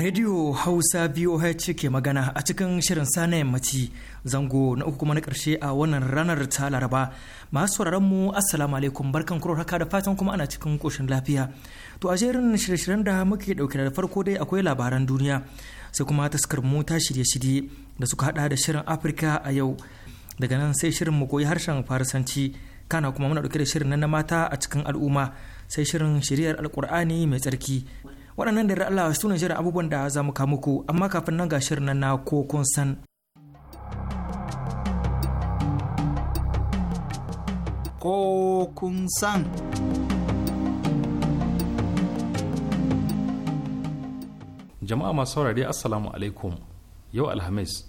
Radio Hausa VOH ke magana a cikin shirin sana yammaci zango na uku kuma na karshe a wannan ranar ta Laraba. Masu sauraron mu Assalamu alaikum barkan kuro haka da fatan kuma ana cikin koshin lafiya. To a jerin shirye-shiryen da muke ɗauke da farko dai akwai labaran duniya sai kuma taskar mu ta shirye-shirye da suka hada da shirin Afirka a yau. Daga nan sai shirin mu koyi harshen Farisanci kana kuma muna dauke da shirin na mata a cikin al'umma sai shirin shiriyar alkur'ani mai tsarki. waɗannan da Allah su ne shirin abubuwan da za mu muku amma kafin nan ga shirin nan na ko kun san ko kun san jama'a masu saurari assalamu alaikum yau alhamis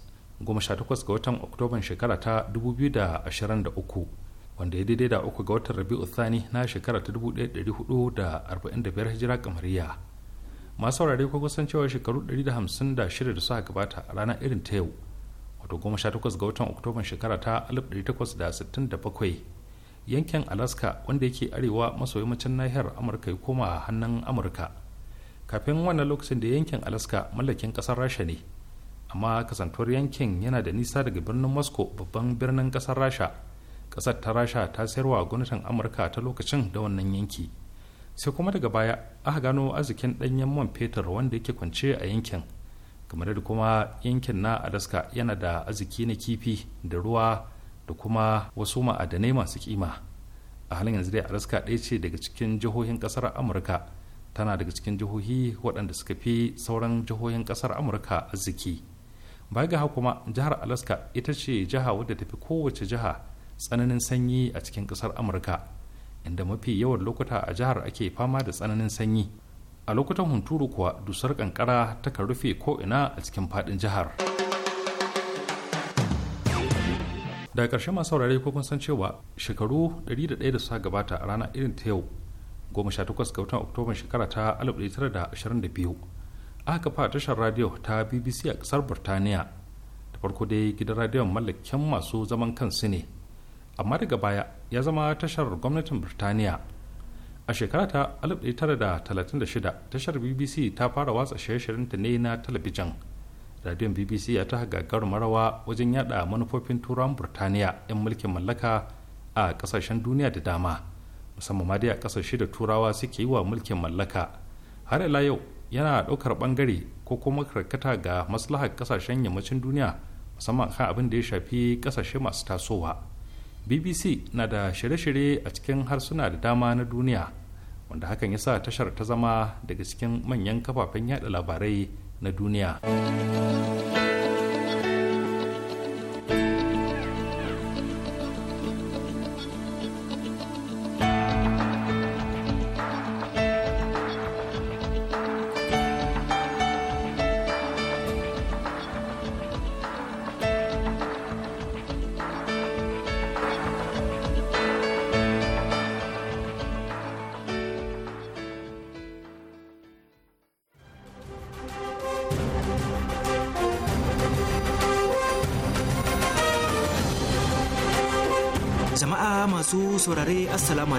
sha takwas ga watan oktoban shekara ta dubu biyu da da ashirin uku wanda ya daidai da uku ga watan rabi'u thani na shekara ta dubu ɗaya da da arba'in biyar hijira kamariya masu saurare ko kusan cewa shekaru 156 da suka gabata a ranar irin ta yau wato 18 ga watan oktoban shekara ta 1867 yankin alaska wanda yake arewa maso yammacin nahiyar amurka ya koma hannun amurka kafin wannan lokacin da yankin alaska mallakin kasar rasha ne amma kasantuwar yankin yana da nisa daga birnin moscow babban birnin kasar rasha kasar ta rasha ta sayarwa gwamnatin amurka ta lokacin da wannan yanki sai kuma daga baya aka gano arzikin ɗanyen man fetur wanda yake kwance a yankin kamar da kuma yankin na alaska yana da arziki na kifi da ruwa da kuma wasu ma'adanai masu kima a halin yanzu dai alaska ɗaya ce daga cikin jihohin ƙasar amurka tana daga cikin jihohi waɗanda suka fi sauran jihohin ƙasar amurka arziki baya ga kuma jihar alaska ita ce jiha wadda ta fi kowace jiha tsananin sanyi a cikin ƙasar amurka inda mafi yawan lokuta a jihar ake fama da tsananin sanyi a lokutan hunturu kuwa dusar kankara takan rufe ko'ina a cikin faɗin jihar daga ƙarshe masu saurare ko kun san cewa shekaru 101 da suka gabata a rana irin ta yau 18 ga watan oktoban shekara ta 1922 aka kafa tashar radiyo ta bbc a ƙasar burtaniya da farko dai gidan radiyon mallakin masu zaman kansu ne amma daga baya ya zama tashar gwamnatin birtaniya a shekara ta 1936 tashar bbc ta fara watsa shirye-shiryenta ne na talabijin radiyon bbc ya ta gagarumar rawa wajen yada manufofin turawan Birtaniya 'yan mulkin mallaka a kasashen duniya da dama musamman ma dai a kasashe da turawa suke yi wa mulkin mallaka har ila yau yana ɗaukar ɓangare ko kuma karkata ga maslahar kasashen yammacin duniya musamman kan abin da ya shafi kasashe masu tasowa bbc na da shirye-shirye a cikin harsuna da dama na duniya wanda hakan ya sa tashar ta zama daga cikin manyan kafafen yada labarai na duniya.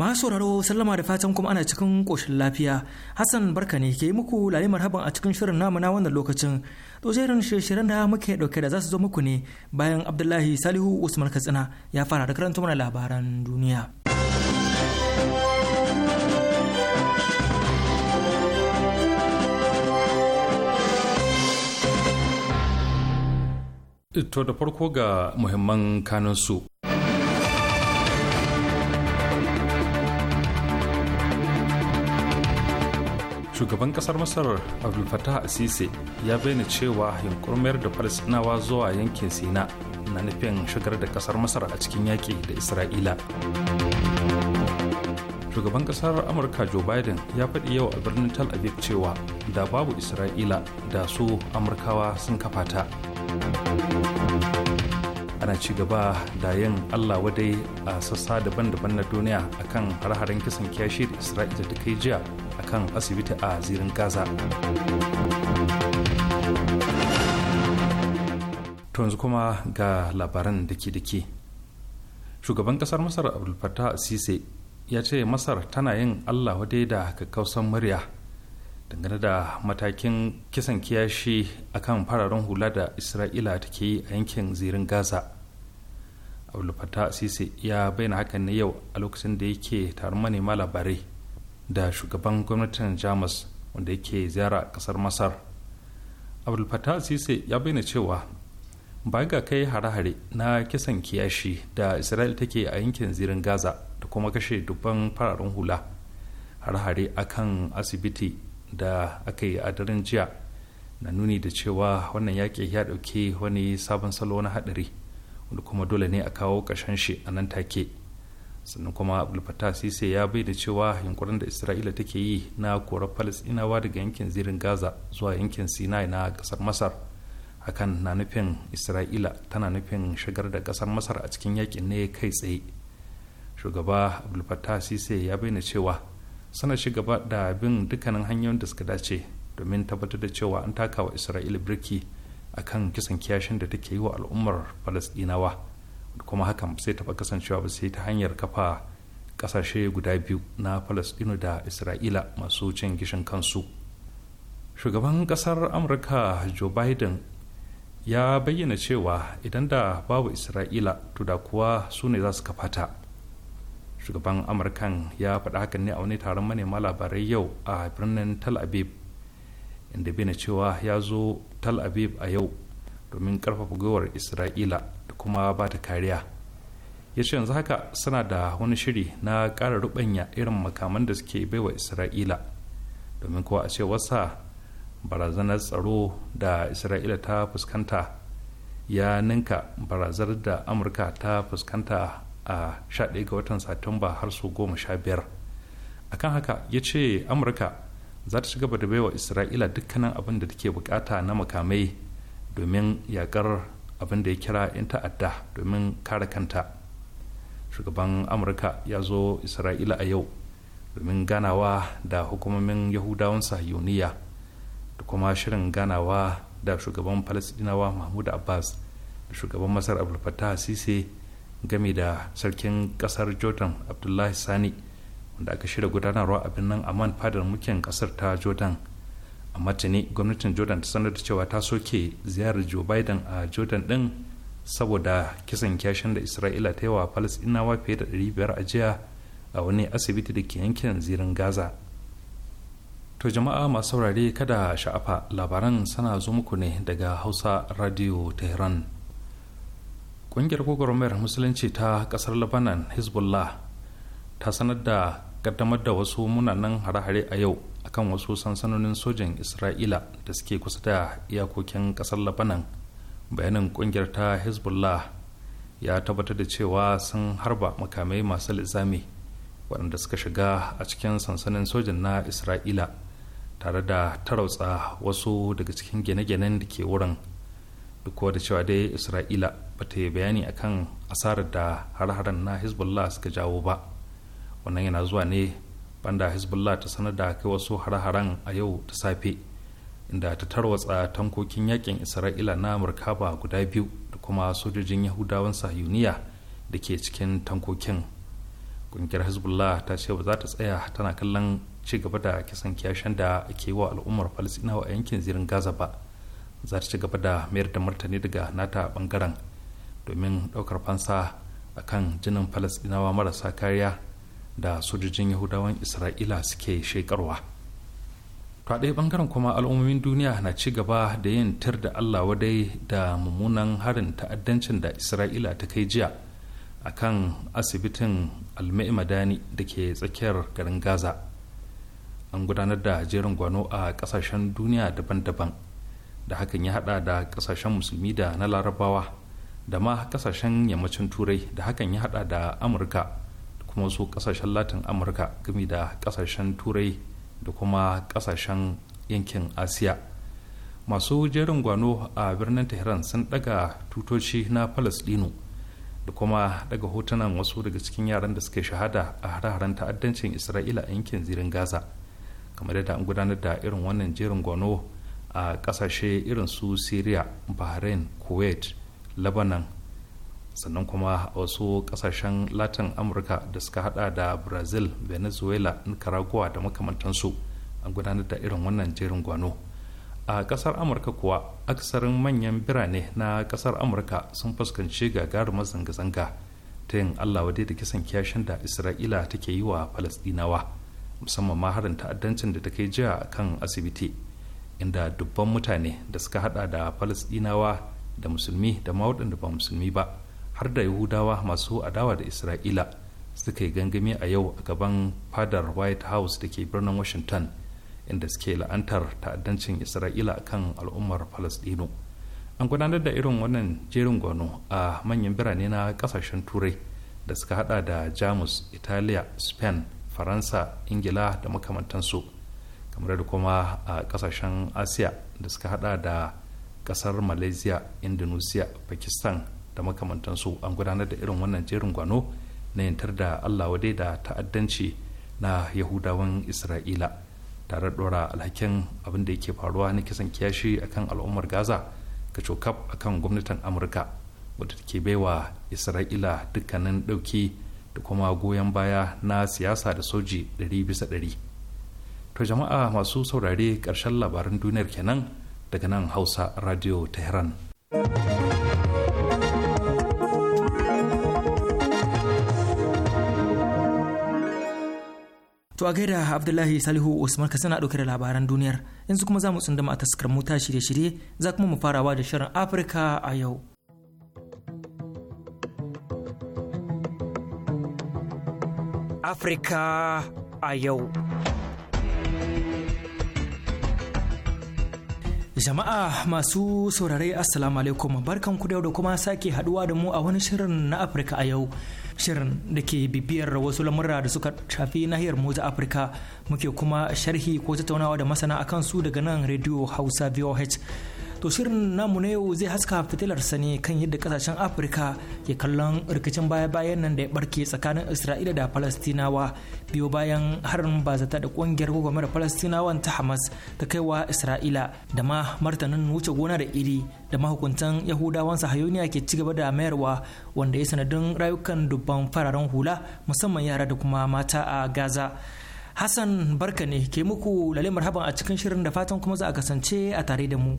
masu sauraro sallama da fatan kuma ana cikin koshin lafiya hassan barka ne ke muku lare marhaban a cikin shirin namu na wannan lokacin to jerin shirin da muke dauke da zasu zo muku ne bayan abdullahi salihu usman katsina ya fara da karanta mana labaran duniya To da farko ga muhimman kanunsu shugaban kasar masar abdul fattah asisi ya bayyana cewa mayar da falasinawa zuwa yankin sina na nufin shigar da kasar masar a cikin yaƙi da isra'ila shugaban kasar amurka joe biden ya faɗi yau a birnin Tal aviv cewa da babu isra'ila da su amurkawa sun kafa ta ana ci gaba da yin allah wadai a sassa daban-daban na duniya akan har-haren kisan kyashi da isra'ila ta kai jiya akan asibiti a zirin gaza to yanzu kuma ga labaran da ke shugaban kasar masar abdulfatah sise ya ce masar tana yin allah wadai da kakkausan murya dangane da matakin kisan kiyashi akan fararen hula da isra'ila take yi a yankin zirin gaza abdulfata sisi ya bayyana hakan ne yau a lokacin da yake taron manema labarai da shugaban gwamnatin jamus wanda yake ziyara kasar masar abdulfata sisi ya bayyana cewa ba ga kai hare-hare na kisan kiyashi da isra'il take a yankin zirin gaza da kuma kashe dubban fararen hula hare-hare akan asibiti da aka yi a daren jiya na nuni da cewa wannan yaƙi ya ɗauki wani sabon salo na haɗari wanda kuma dole ne a kawo ƙarshen shi a nan take sannan kuma abulfata sise ya bai da cewa yunkurin da isra'ila take yi na korar falasɗinawa daga yankin zirin gaza zuwa yankin sinai na ƙasar masar hakan na nufin isra'ila tana nufin shigar da ƙasar masar a cikin yaƙin ne kai tsaye shugaba abulfata sise ya bayyana cewa suna ci gaba da bin dukkanin hanyoyin da suka dace domin tabbatar da cewa an taka wa isra'ila birki a kan kisan kiyashin da take yi wa al'ummar falasɗinawa kuma hakan sai taɓa kasancewa ba sai ta hanyar kafa ƙasashe guda biyu na falasɗinu da isra'ila masu cin gishin kansu shugaban ƙasar amurka joe biden ya bayyana cewa idan da babu isra'ila to da kuwa su ne za su kafata shugaban amurkan ya faɗa hakan ne a wani taron manema labarai yau a birnin tal aviv inda bina cewa ya zo tal aviv a yau domin ƙarfafa gwiwar isra'ila da kuma ba ta kariya ya ce yanzu haka suna da wani shiri na ƙara rubanya irin makaman da suke baiwa isra'ila domin kuwa a ce wasa barazanar tsaro da isra'ila ta fuskanta ya ninka barazar da amurka ta fuskanta a 11 ga watan satumba har su goma sha biyar akan haka ya ce amurka za ta ci gaba da baiwa isra'ila dukkanin abin da take bukata na makamai domin yakar abin da ya kira 'yan ta'adda domin kare kanta shugaban amurka ya zo isra'ila a yau domin ganawa da hukumomin yahudawan sahiyoniya da kuma shirin ganawa da shugaban palestinawa mahmud abbas da shugaban masar abulfatah sise game da sarkin kasar jordan abdullahi sani wanda aka shirya gudanarwa a birnin amman fadar mukin kasar ta jordan amma tuni gwamnatin jordan ta sanar da cewa ta soke ziyarar joe biden a jordan din saboda kisan kyashin da isra'ila ta yi wa falasɗinawa fiye da 500 a jiya a wani asibiti da ke yankin zirin gaza to jama'a masu saurare kada sha'afa labaran sana zo ne daga hausa radio tehran ƙungiyar gwagwarmayar musulunci ta ƙasar lebanon hezbollah ta sanar da kaddamar da wasu munanan hare-hare a yau akan wasu sansanonin sojan isra'ila da suke kusa da iyakokin ƙasar lebanon bayanin ƙungiyar ta hezbollah ya tabbatar da cewa sun harba makamai masu lizami waɗanda suka shiga a cikin sansanin sojan na isra'ila tare da tarautsa wasu daga cikin gine-ginen da ke wurin duk da cewa dai isra'ila bata yi bayani akan asarar da har-haren na hezbollah suka jawo ba wannan yana zuwa ne banda hezbollah ta sanar da kai wasu har-haren a yau ta safe inda ta tarwatsa tankokin yakin isra'ila na murkaba guda biyu da kuma sojojin yahudawan sahuniya da ke cikin tankokin ƙungiyar hezbollah ta ce ba za ta tsaya tana kallon ci gaba da kisan kiyashen da ake wa al'ummar falasinawa a yankin zirin gaza ba za ta ci gaba da mayar da martani daga nata ɓangaren. domin ɗaukar fansa a kan jinin falasɗinawa marasa kariya da sojojin yahudawan isra'ila suke shekarwa to a ɗaya ɓangaren kuma al'ummomin duniya na ci gaba da yin tir da allah wadai da mummunan harin ta'addancin da isra'ila ta kai jiya a kan asibitin almaimadani da ke tsakiyar garin gaza an gudanar da jerin gwano a ƙasashen duniya daban-daban da hakan ya hada da ƙasashen musulmi da na larabawa da ma kasashen yammacin turai da hakan ya hada da amurka da kuma wasu kasashen latin amurka gami da kasashen turai da kuma kasashen yankin asiya masu jerin gwano a birnin tehran sun daga tutoci na palestino da kuma daga hotunan wasu daga cikin yaran da suke shahada a hare-haren ta'addancin isra'ila a yankin zirin gaza kamar yadda an gudanar da irin wannan jerin gwano a kasashe irin su syria bahrain kuwait lebanon sannan kuma a wasu kasashen latin amurka da suka hada da brazil venezuela nicaragua da makamantansu an gudanar da irin wannan jerin gwano a kasar amurka kuwa aksarin manyan birane na kasar amurka sun fuskanci gagarumar zanga-zanga ta yin allah wadai da kisan kiyashin da isra'ila take yi wa falasdinawa musamman ma harin ta'addancin da ta kai jiya kan asibiti inda dubban mutane da suka hada da falasdinawa da musulmi da ma waɗanda ba musulmi ba har da yahudawa masu adawa da isra'ila suka yi gangami a yau a gaban fadar white house da ke birnin washington inda suke la'antar ta'addancin isra'ila kan al'ummar palestino an gudanar da irin wannan jerin gwano a manyan birane na kasashen turai da suka hada da jamus italiya spain faransa ingila da makamantansu kamar da kuma a kasashen asiya da suka hada da kasar malaysia indonesia pakistan da makamantansu an gudanar da irin wannan jerin gwano na yantar da allah wadai da ta'addanci na yahudawan isra'ila tare dora alhakin abin da yake faruwa na kisan kiyashi akan al'ummar gaza ga cokaf akan gwamnatin amurka wadda take baiwa isra'ila dukkanin dauki da kuma goyon baya na siyasa da soji 100 bisa 100 to jama'a masu saurare karshen labaran duniyar kenan daga nan hausa radio tehran To a gaida Abdullahi Salihu Usman ka sana ɗauke da labaran duniyar yanzu kuma za mu tsundama a taskar mota shirye-shirye za kuma mu farawa da shirin Afirka a yau. Afirka a yau. Jama'a masu saurare Assalamu alaikum barkan ku da kuma sake haduwa da mu a wani shirin na Afirka a yau. Shirin da ke bibiyar wasu lamurra da suka shafi nahiyar mu ta Afirka muke kuma sharhi ko tattaunawa da masana akan su daga nan Radio Hausa VOH. to shirin namu na yau zai haska fitilarsa ne kan yadda kasashen afirka ke kallon rikicin baya-bayan nan da ya barke tsakanin isra'ila da falastinawa biyo bayan harin bazata da kungiyar gwamnatin falastinawan ta hamas ta kaiwa isra'ila da ma martanin wuce gona da iri da mahukuntan yahudawan sahayoniya ke ci gaba da mayarwa wanda ya sanadin rayukan dubban fararen hula musamman yara da kuma mata a gaza Hassan barka ne ke muku lalle marhaban a cikin shirin da fatan kuma za a kasance a tare da mu.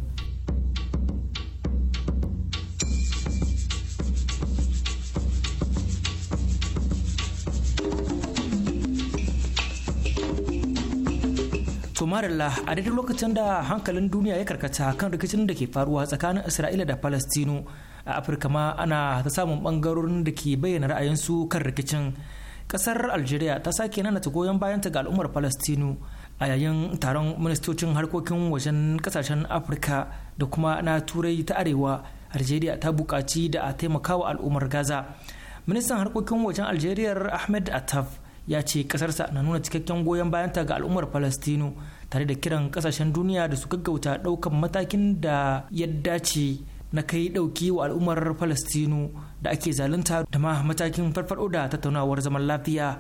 To Marilla a daidai lokacin da hankalin duniya ya karkata kan rikicin da ke faruwa tsakanin Isra'ila da Falastinu a Afirka ma ana ta samun bangarorin da ke bayyana ra'ayinsu kan rikicin. Kasar Algeria ta sake nanata goyon bayanta ga al'ummar Falastinu a yayin taron ministocin harkokin wajen kasashen Afirka da kuma na Turai ta Arewa Algeria ta bukaci da a taimakawa al'ummar Gaza. Ministan harkokin wajen Algeria Ahmed ataf. ya ce kasarsa na nuna cikakken goyon bayanta ga al'ummar palestino tare da kiran kasashen duniya da su gaggauta daukan matakin da ya dace na kai dauki wa al'ummar palestino da ake zalunta da ma matakin farfado da tattaunawar zaman lafiya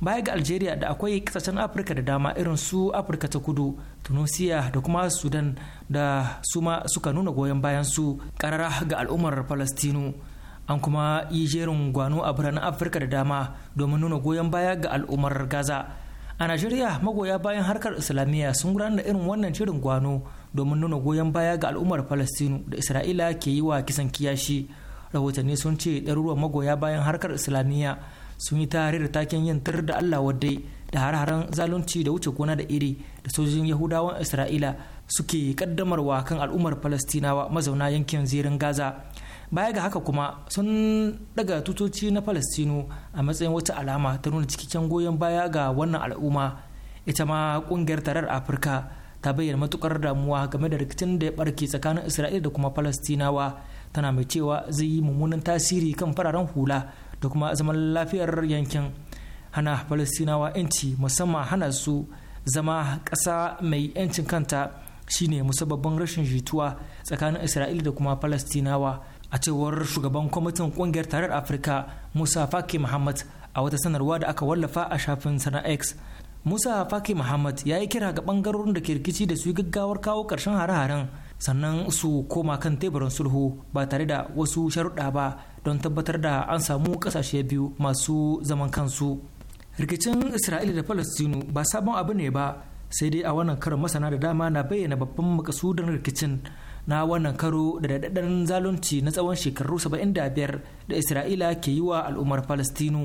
baya ga algeria da akwai kasashen afirka da dama irin su afirka ta kudu tunisia da kuma sudan da suma suka nuna goyon bayan su karara ga al'ummar palestino an kuma yi jerin gwano a biranen afirka da dama domin nuna goyon baya ga al'ummar gaza a najeriya magoya bayan harkar islamiyya sun gudanar da irin wannan jerin gwano domin nuna goyon baya ga al'ummar palestinu da isra'ila ke yi wa kisan kiyashi rahotanni sun ce ɗaruruwan magoya bayan harkar islamiyya sun yi tare da taken yin tar da allah wadai da har-haren zalunci da wuce gona da iri da sojojin yahudawan isra'ila suke kaddamarwa kan al'ummar palestinawa mazauna yankin zirin gaza baya ga haka kuma sun daga tutoci na palestino a matsayin wata alama ta nuna cikakken goyon baya ga wannan al'umma ita ma kungiyar tarar afirka ta bayyana matukar damuwa game da rikicin da ya barke tsakanin isra'ila da kuma palestinawa tana mai cewa zai yi mummunan tasiri kan fararen hula da kuma zaman lafiyar yankin hana palestinawa 'yanci musamman hana su zama ƙasa mai 'yancin kanta shine musabbabin rashin jituwa tsakanin isra'ila da kuma palestinawa a cewar shugaban kwamitin kungiyar tarar afirka musa faki muhammad a wata sanarwa da aka wallafa a shafin sana x musa faki muhammad ya yi kira ga bangarorin da ke rikici da su yi gaggawar kawo karshen hare-haren sannan su koma kan teburin sulhu ba tare da wasu sharuɗa ba don tabbatar da an samu ƙasashe biyu masu zaman kansu rikicin isra'ila da palestinu ba sabon abu ne ba sai dai a wannan karin masana da dama na bayyana babban makasudan rikicin na wannan karo da daɗaɗɗen zalunci na tsawon shekaru 75 da isra'ila ke yi wa al'ummar palestinu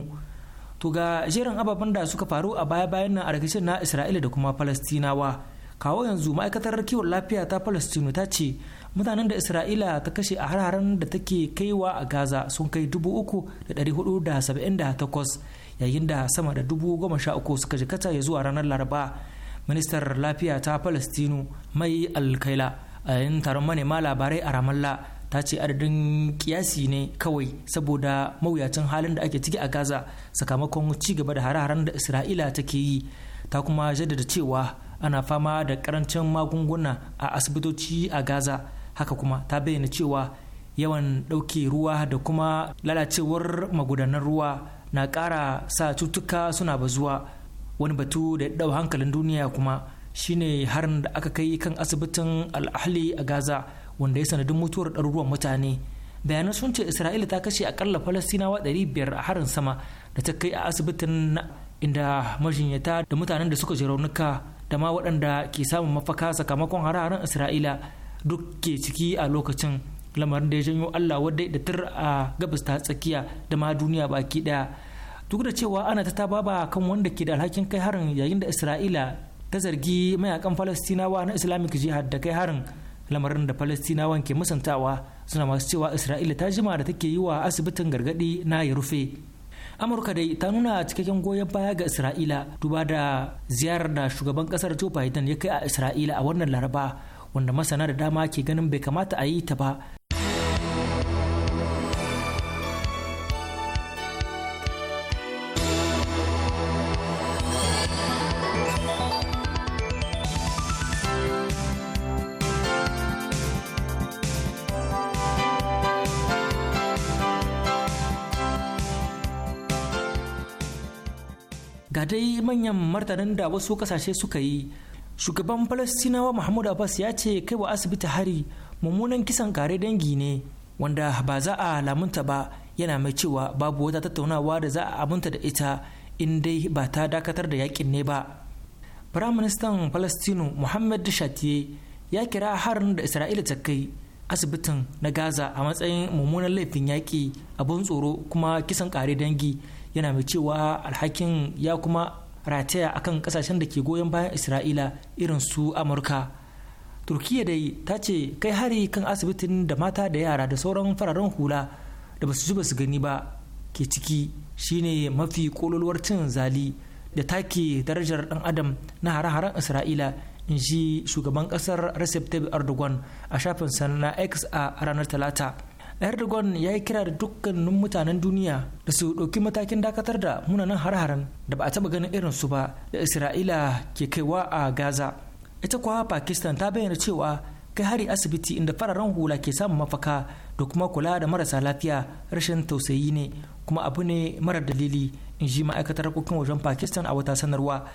to ga jerin ababen da suka faru a baya-bayan nan a rikicin na isra'ila da kuma palestinawa kawo yanzu ma'aikatar kiwon lafiya ta palestinu ta ce mutanen da isra'ila ta kashe a hararen da take kaiwa a gaza sun kai 3,478 yayin da sama da 13,000 suka jikata ya zuwa ranar laraba ministar lafiya ta palestinu mai alkaila a eh, yayin taron manema labarai a ramallah ta ce adadin kiyasi ne kawai saboda mawuyacin halin da ake ciki a gaza sakamakon ci gaba da hare-haren da isra'ila take yi ta kuma jaddada cewa ana fama da karancin magunguna a asibitoci a gaza haka kuma ta bayyana cewa yawan ɗauke ruwa da kuma lalacewar magudanan ruwa na kara sa cutuka suna bazuwa wani batu da ya hankalin duniya kuma shine harin da aka kai kan asibitin al-ahli a gaza wanda ya sanadin mutuwar ɗaruruwan mutane bayanan sun ce isra'ila ta kashe akalla falastinawa 500 a harin sama da ta kai a asibitin inda majinyata da mutanen da suka ji raunuka da ma waɗanda ke samun mafaka sakamakon hararen isra'ila duk ke ciki a lokacin lamarin da ya janyo allah wadda da tur a gabas ta tsakiya da ma duniya baki ɗaya duk da cewa ana ta ta baba kan wanda ke da alhakin kai harin yayin da isra'ila ta zargi mayakan falastinawa na islamic jihad da kai harin lamarin da falastinawan ke musantawa suna masu cewa isra'ila ta jima da take yi wa asibitin gargadi na ya rufe amurka dai ta nuna cikakken goyon baya ga isra'ila duba da ziyarar da shugaban kasar joe biden ya kai a isra'ila a wannan laraba wanda masana da dama ke ganin bai kamata a yi ta ba manyan martanin da wasu kasashe suka yi shugaban falastinawa mahmud abbas ya ce kai wa asibiti hari mummunan kisan kare dangi ne wanda ba za a lamunta ba yana mai cewa babu wata tattaunawa da za a aminta da ita in dai ba ta dakatar da yakin ne ba firaministan falastinu muhammad shatiye ya kira harin da isra'ila ta kai asibitin na gaza a matsayin mummunan laifin yaƙi abun tsoro kuma kisan kare dangi yana mai cewa alhakin ya kuma rataya akan kasashen da ke goyon bayan isra'ila irin su amurka turkiya dai ta ce kai hari kan asibitin da mata da yara da sauran fararen hula da basu ji su gani ba ke ciki shine mafi kololuwar cin zali da take darajar dan adam na hare-haren isra'ila in ji shugaban kasar recep tayyip erdogan a shafin sana x a ranar talata erdogan ya yi kira da dukkanin mutanen duniya da su ɗauki matakin dakatar da munanan har-haren da ba a taɓa ganin irin su ba da isra'ila ke kaiwa a gaza ita kuwa pakistan ta bayyana cewa kai hari asibiti inda fararen hula ke samun mafaka da kuma kula da marasa lafiya rashin tausayi ne kuma abu ne mara dalili in ji ma'aikatar harkokin wajen pakistan a wata sanarwa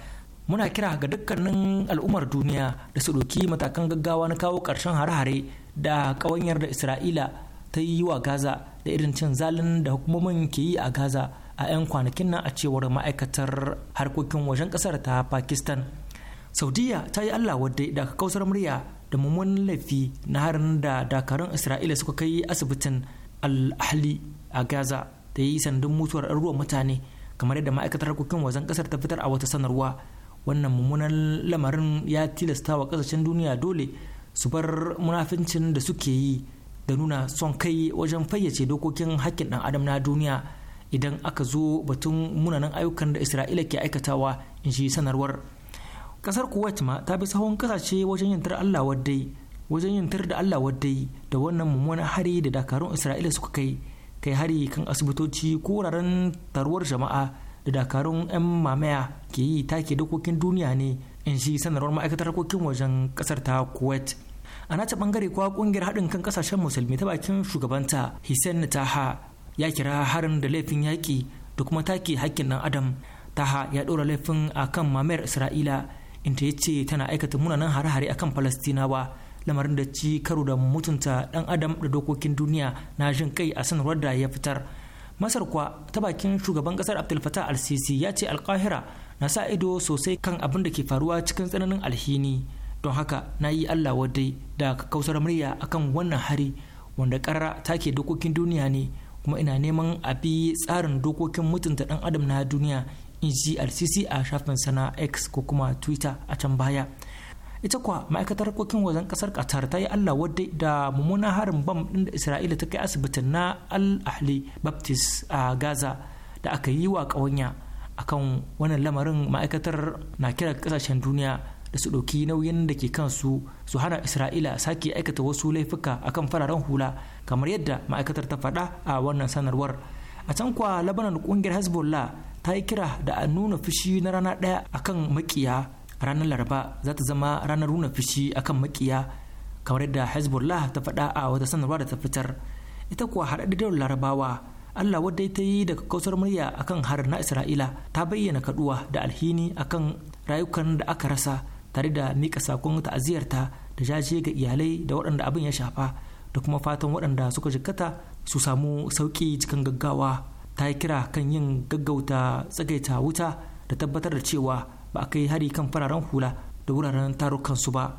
muna kira ga dukkanin al'ummar duniya da su ɗauki matakan gaggawa na kawo ƙarshen hare-hare da ƙawanyar da isra'ila ta yi wa gaza da irin cin zalin da hukumomin ke yi a gaza a 'yan kwanakin nan a cewar ma'aikatar harkokin wajen kasar ta pakistan saudiya ta yi allah wadda da kausar murya da mummunan laifi na harin da dakarun isra'ila suka kai asibitin al-ahli a gaza da yi sandun mutuwar ruwan mutane kamar yadda ma'aikatar harkokin wajen kasar ta fitar a wata sanarwa wannan mummunan lamarin ya tilasta wa kasashen duniya dole su bar munafincin da suke yi da nuna son kai wajen fayyace dokokin hakkin ɗan adam na duniya idan aka zo batun munanan ayyukan da isra'ila ke aikatawa in shi sanarwar ƙasar kuwait ma ta bi sahun kasashe wajen yantar allah waddai wajen yantar da allah waddai da wannan mummunan hari da dakarun isra'ila suka kai kai hari kan asibitoci ko wuraren taruwar jama'a da dakarun 'yan mamaya ke yi take dokokin duniya ne in shi sanarwar ma'aikatar harkokin wajen kasar ta kuwait a nata bangare kuwa kungiyar haɗin kan kasashen musulmi ta bakin shugabanta hussein taha ya kira harin da laifin yaƙi da kuma take hakkin ɗan adam taha ya ɗora laifin a kan mamayar isra'ila inda ya ce tana aikata munanan hare-hare a kan falastinawa lamarin da ci karo da mutunta ɗan adam da dokokin duniya na jin kai a sanarwar da ya fitar masar kuwa ta bakin shugaban kasar abdul fatah al-sisi ya ce alkahira na sa ido sosai kan abin da ke faruwa cikin tsananin alhini don haka na yi allah wadai da kausar murya akan wannan hari wanda ta take dokokin duniya ne kuma ina neman a bi tsarin dokokin mutunta ɗan adam na duniya in ji rcc a shafin sana x ko kuma twitter a can baya ita kuwa ma'aikatar harkokin wajen ƙasar qatar ta yi allah wadai da mummunan harin bam din da isra'ila ta kai asibitin na al-ahli baptist a gaza da aka yi wa ƙawanya akan wannan lamarin ma'aikatar na kira kasashen duniya da su ɗauki nauyin da ke kansu su hana isra'ila sake aikata wasu laifuka akan fararen hula kamar yadda ma'aikatar ta faɗa a wannan sanarwar a can kwa labanan kungiyar hezbollah ta yi kira da a nuna fushi na rana ɗaya akan makiya ranar laraba za ta zama ranar nuna fushi akan makiya kamar yadda hezbollah ta faɗa a wata sanarwa da ta fitar ita kuwa haɗaɗɗiyar larabawa Allah wadda ta yi daga kausar murya akan harin na Isra'ila ta bayyana kaduwa da alhini akan rayukan da aka rasa tare da mika sakon ta'aziyarta da jaje ga iyalai da waɗanda abin ya shafa da kuma fatan waɗanda suka jikkata su samu sauki cikin gaggawa ta yi kira kan yin gaggauta tsagaita wuta da tabbatar da cewa ba a kai hari kan fararen hula da wuraren tarukan su ba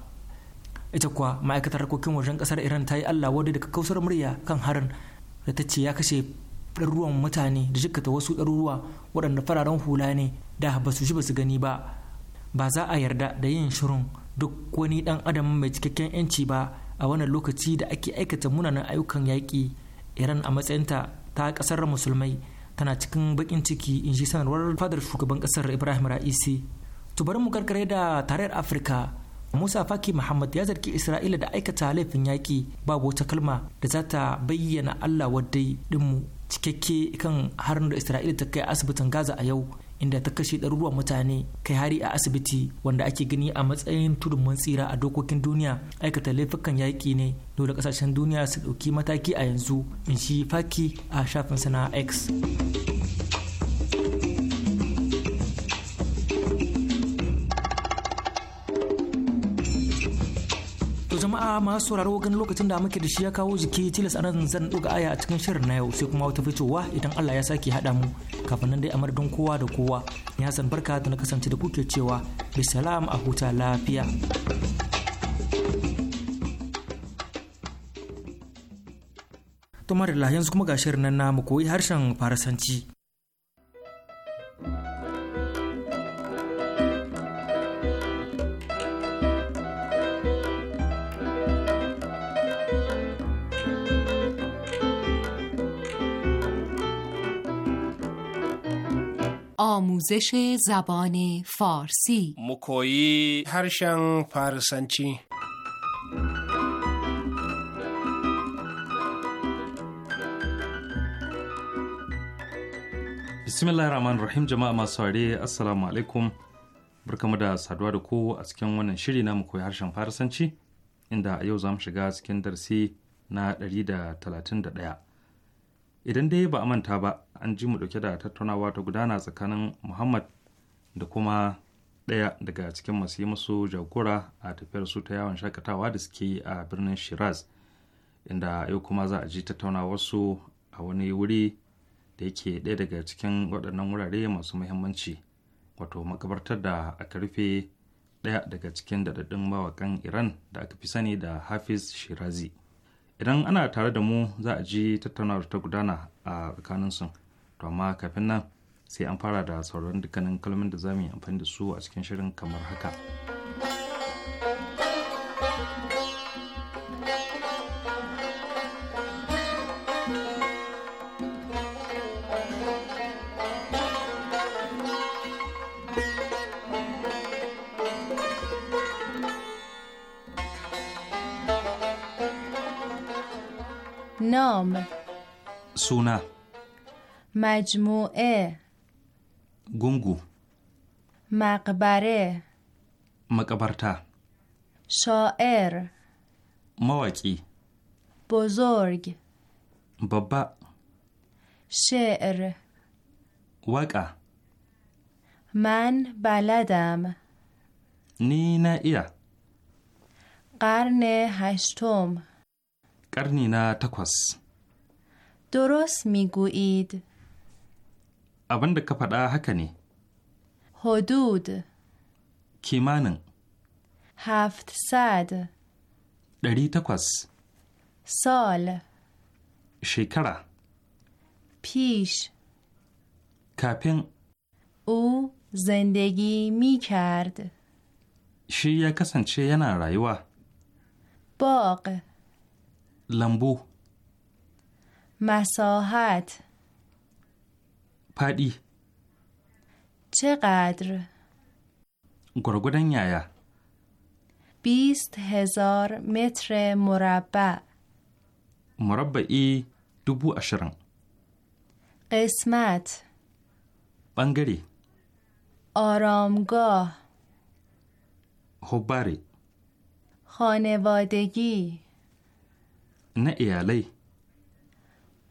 ita kuwa ma'aikatar harkokin wajen ƙasar iran ta yi allah wadda daga kausar murya kan harin da ta ce ya kashe ɗaruruwan mutane da jikkata wasu ɗaruruwa waɗanda fararen hula ne da ba su ji ba su gani ba ba za a yarda da yin shirin duk wani dan adam mai cikakken yanci ba a wannan lokaci da ake aikata munanan ayyukan yaƙi iran a matsayinta ta ƙasar musulmai tana cikin bakin ciki in ji sanarwar fadar shugaban ƙasar ibrahim ra'isi to bari mu karkare da tarayyar afirka musa faki muhammad ya zargi isra'ila da aikata laifin yaƙi babu wata kalma da za ta bayyana allah wadai dinmu cikakke kan harin da isra'ila ta kai asibitin gaza a yau inda ta kashe ɗaruruwan mutane kai hari a asibiti wanda ake gani a matsayin tudun mun tsira a dokokin duniya aikata laifukan yaƙi ne dole ƙasashen duniya su ɗauki mataki a yanzu in shi faki a shafin na x masu sauraro ganin lokacin da muke da shi ya kawo jiki tilas anan zan ɗuga aya a cikin shirin na yau sai kuma wata fitowa idan Allah ya sake haɗa mu kafin nan dai a madadin kowa da kowa ya san barka da na kasance da kuke cewa bisalam a huta lafiya. Tumar yanzu kuma ga shirin nan mu koyi harshen Farasanci. آموزش زبان فارسی مکویی هرشن فارسنچی bismillah rahman rahim jama'a masu saurare assalamu alaikum barkamu da saduwa da ku a cikin wannan shiri na koyi harshen farisanci inda a yau za mu shiga cikin darasi na da da 131 idan dai ba a manta ba an ji mu dauke da tattaunawa ta gudana tsakanin muhammad da kuma ɗaya daga cikin masu yi musu jagora a tafiyar su ta yawon shakatawa da suke yi a birnin shiraz inda yau kuma za a ji su a wani wuri da yake ɗaya daga cikin waɗannan wurare masu muhimmanci wato makabartar da aka rufe ɗaya daga cikin daɗaɗɗun mawakan iran da aka fi sani da hafiz shirazi idan ana tare da mu za a ji tattaunawar ta gudana a tsakanin tsakaninsu to amma kafin nan sai an fara da sauran dukkanin kalmomin da za mu yi amfani da su a cikin shirin kamar haka. نام سونا مجموعه گونگو مقبره مقبرتا شاعر مواکی بزرگ بابا شعر وقع من بلدم نینا ایا قرن هشتم قرنی نا درست میگویید abin da ka faɗa haka ne hudud kimanin haft sad ɗari takwas sol shekara پیش Kafin. او زندگی می کرد شی یا کسنچه ینا رایوا باغ لمبو مساحت پدی چقدر گرگودن یایا بیست هزار متر مربع مربعی دوبو اشرن قسمت بنگری آرامگاه خوباری خانوادگی نه ایالی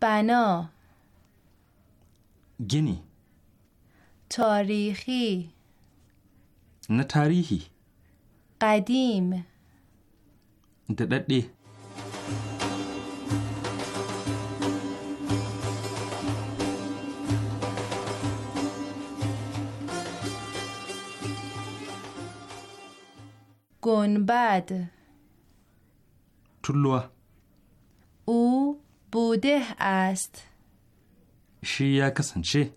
بنا گینی تاریخی نه تاریخی قدیم دددی گنبد تلوه او بوده است شی یا کسنچه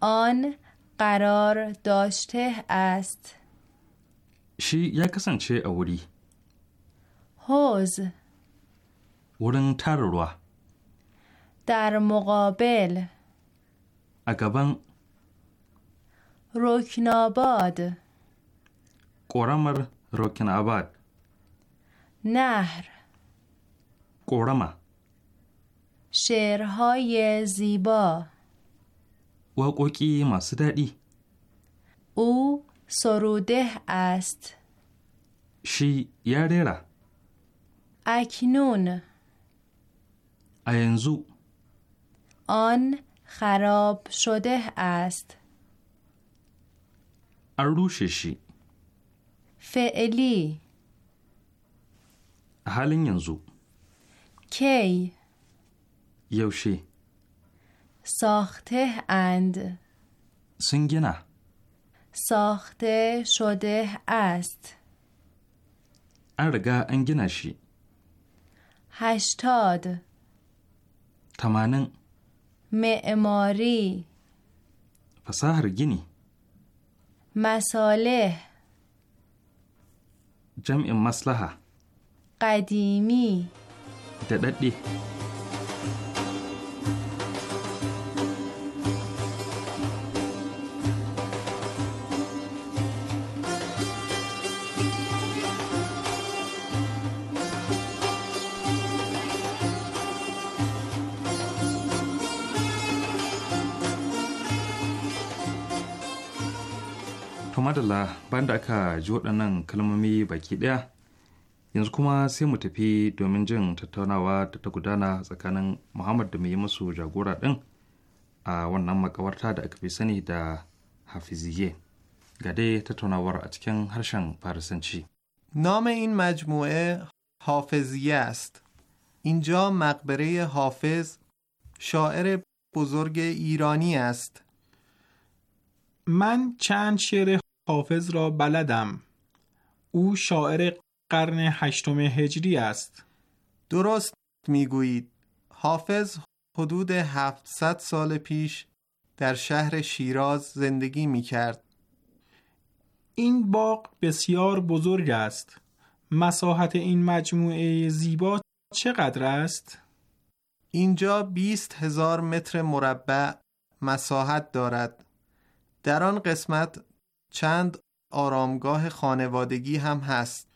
آن قرار داشته است شی یا کسنچه اولی؟ حوز ورن رو در مقابل اگبن رکناباد قرامر رکناباد نهر قورما شعرهای زیبا واقعی ماسو دادی او سروده است شی یا را اکنون اینزو آن خراب شده است اروششی فعلی حال ینزو کی یوشی ساخته اند سنگینه ساخته شده است ارگا انگینشی هشتاد تمانن معماری فساهر گینی مساله جمع مسلحه قدیمی daɗaɗɗe to madalla ban da aka ji waɗannan kalmomi baki ɗaya yanzu kuma sai mu tafi domin jin tattaunawa da ta gudana tsakanin muhammad da mai masu jagora ɗin a wannan makawarta da aka fi sani da hafiziye ga dai tattaunawar a cikin harshen farisanci نام این مجموعه حافظیه است. اینجا مقبره حافظ شاعر بزرگ ایرانی است. من چند شعر حافظ را بلدم. او شاعر قرن هشتم هجری است درست میگویید حافظ حدود 700 سال پیش در شهر شیراز زندگی می کرد. این باغ بسیار بزرگ است. مساحت این مجموعه زیبا چقدر است؟ اینجا 20 هزار متر مربع مساحت دارد. در آن قسمت چند آرامگاه خانوادگی هم هست.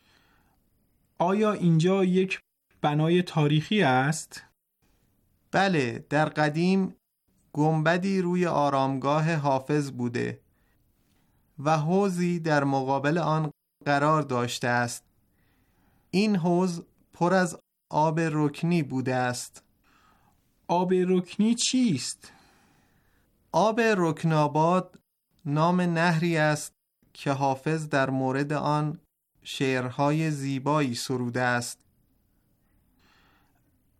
آیا اینجا یک بنای تاریخی است؟ بله در قدیم گنبدی روی آرامگاه حافظ بوده و حوزی در مقابل آن قرار داشته است این حوز پر از آب رکنی بوده است آب رکنی چیست؟ آب رکناباد نام نهری است که حافظ در مورد آن شعرهای زیبایی سروده است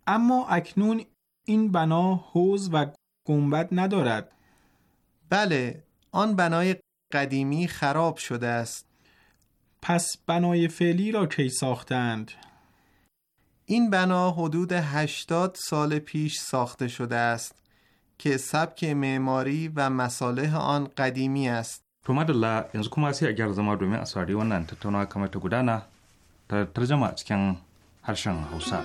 اما اکنون این بنا حوز و گنبد ندارد بله آن بنای قدیمی خراب شده است پس بنای فعلی را کی ساختند؟ این بنا حدود 80 سال پیش ساخته شده است که سبک معماری و مصالح آن قدیمی است To madalla yanzu kuma sai a gyara zama domin a saurari wannan tattaunawa kamar ta gudana ta tarjama cikin harshen Hausa.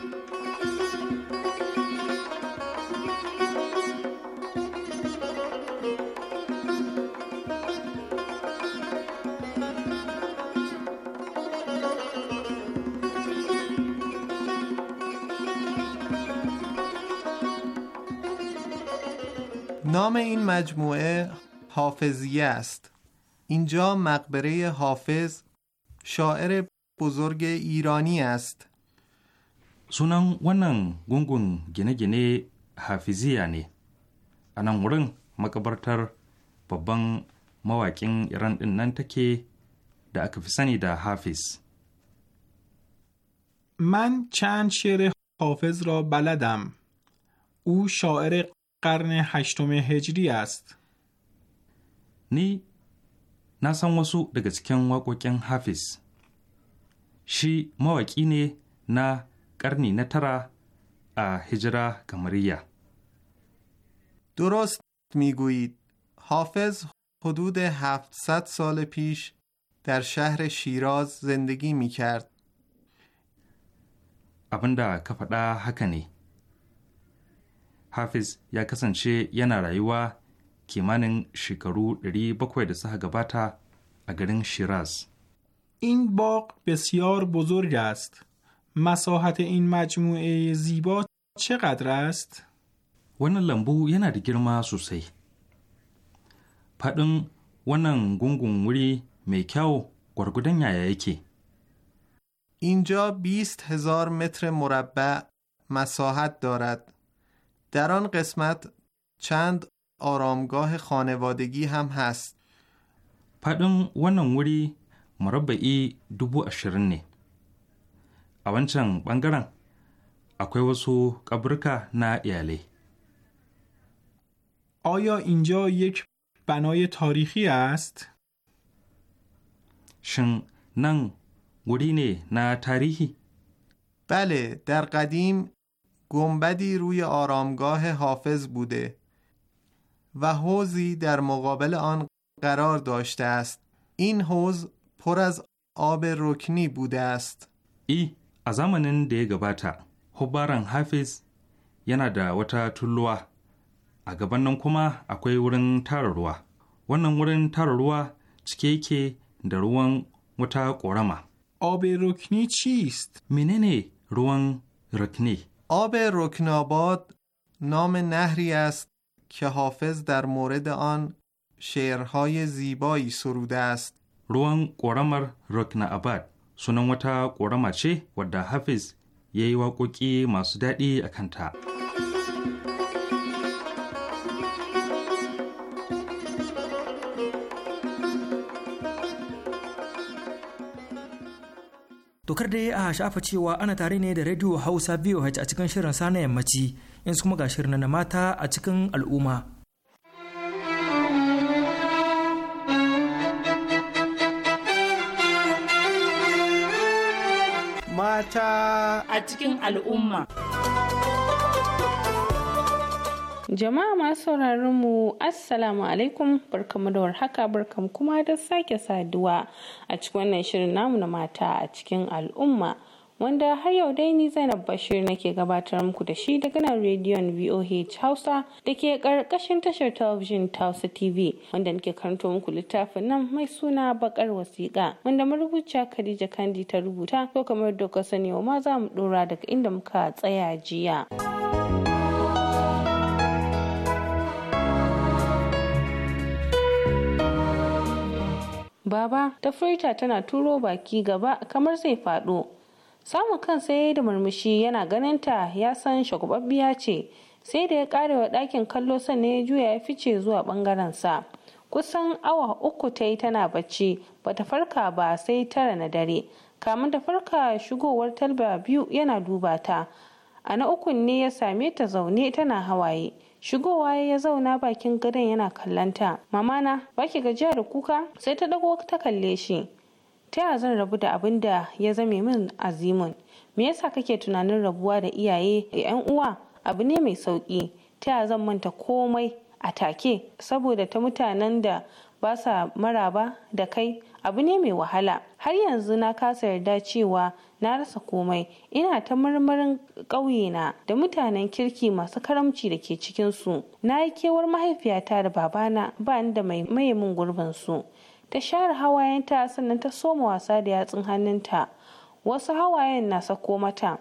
نام این مجموعه حافظیه است اینجا مقبره حافظ شاعر بزرگ ایرانی است. سونان ونن گونگون گنه گنه حافظی یعنی. انا مورن مقبرتر بابن مواکین ایران ننتکی دا اکفسانی دا حافظ. من چند شعر حافظ را بلدم. او شاعر قرن هشتم هجری است. نی na san wasu daga cikin waƙoƙin Hafiz. Shi mawaƙi ne na ƙarni na tara a hijira kamariya. Durost میگویید Hafiz حدود 700 سال پیش در شهر شیراز زندگی می کرد. Abin da ka faɗa haka ne, Hafiz ya kasance yana rayuwa kimanin shekaru 700 da suka gabata a garin Shiraz. این باغ بسیار بزرگ است. مساحت این مجموعه زیبا چقدر است؟ wannan lambu yana da girma sosai. Faɗin wannan gungun wuri mai kyau gwargudan yaya yake. اینجا 20 هزار متر مربع مساحت دارد. در آن قسمت چند آرامگاه خانوادگی هم هست پدن ونن وری مربعی دوبو ashirin ne a wancan bangaren akwai وسو kaburka نه آیا اینجا یک بنای تاریخی است؟ شن نن گرینه نه تاریخی بله در قدیم گنبدی روی آرامگاه حافظ بوده و حوزی در مقابل آن قرار داشته است این حوز پر از آب رکنی بوده است ای از زمان ده گباتا حبارن حافظ ینا دا وطا تلوه اگبان کما، اکوی ورن تاروروه ونن ورن تاروروه چکی که دروان وطا قرما آب رکنی چیست؟ مننه روان رکنی آب رکناباد نام نهری است kehofes حافظ در مورد آن شعرهای زیبایی سروده است ruwan ƙoramar Rukna Abad sunan wata ƙorama ce wadda Hafiz ya yi waƙoƙi masu daɗi a kanta. Dokar dai a shafa cewa ana tare ne da rediyo Hausa VOH a cikin shirin sana yammaci. yanzu kuma ga shirin na mata a cikin al'umma mata a cikin al'umma Jama'a masu sauraron mu Assalamu alaikum barkamu da warhaka barkamu kuma da sake saduwa a cikin wannan shirin namu na mata a cikin al'umma. wanda har yau dai ni Zainab Bashir nake gabatar muku da shi daga nan rediyon VOH Hausa da ke karkashin tashar talabijin Hausa TV wanda nake karanto muku littafin nan mai suna bakar wasiƙa wanda marubuciya Khadija Kandi ta rubuta ko kamar doka sani ma za mu dora daga inda muka tsaya jiya. Baba, ta furta tana turo baki gaba kamar zai faɗo. samun kan sai da murmushi yana ganinta ya san shagubabbiya ce sai da ya kare wa ɗakin kallo sannan ya juya ya fice zuwa ɓangaren sa kusan awa uku ta yi tana bacci ta farka ba sai tara na dare kamun ta farka shigowar talba biyu yana duba ta a na ukun ne ya same ta zaune tana hawaye shigowa ya zauna bakin gadon yana kallanta mamana baki gajiya da kuka sai ta ɗago ta kalle shi ta yaya zan rabu da abin da ya zame min azimun me yasa kake tunanin rabuwa da iyaye da yan uwa abu ne mai sauƙi. ta yaya zan manta komai a take saboda ta mutanen da ba sa maraba da kai abu ne mai wahala har yanzu na kasa yarda cewa na rasa komai ina ta marmarin ƙauyena da mutanen kirki masu karamci da ke cikinsu na yi kewar mahaifiyata da babana ba ni da mai mayemin gurbinsu ta share hawayenta sannan ta soma wasa da yatsun hannunta wasu hawayen na sako mata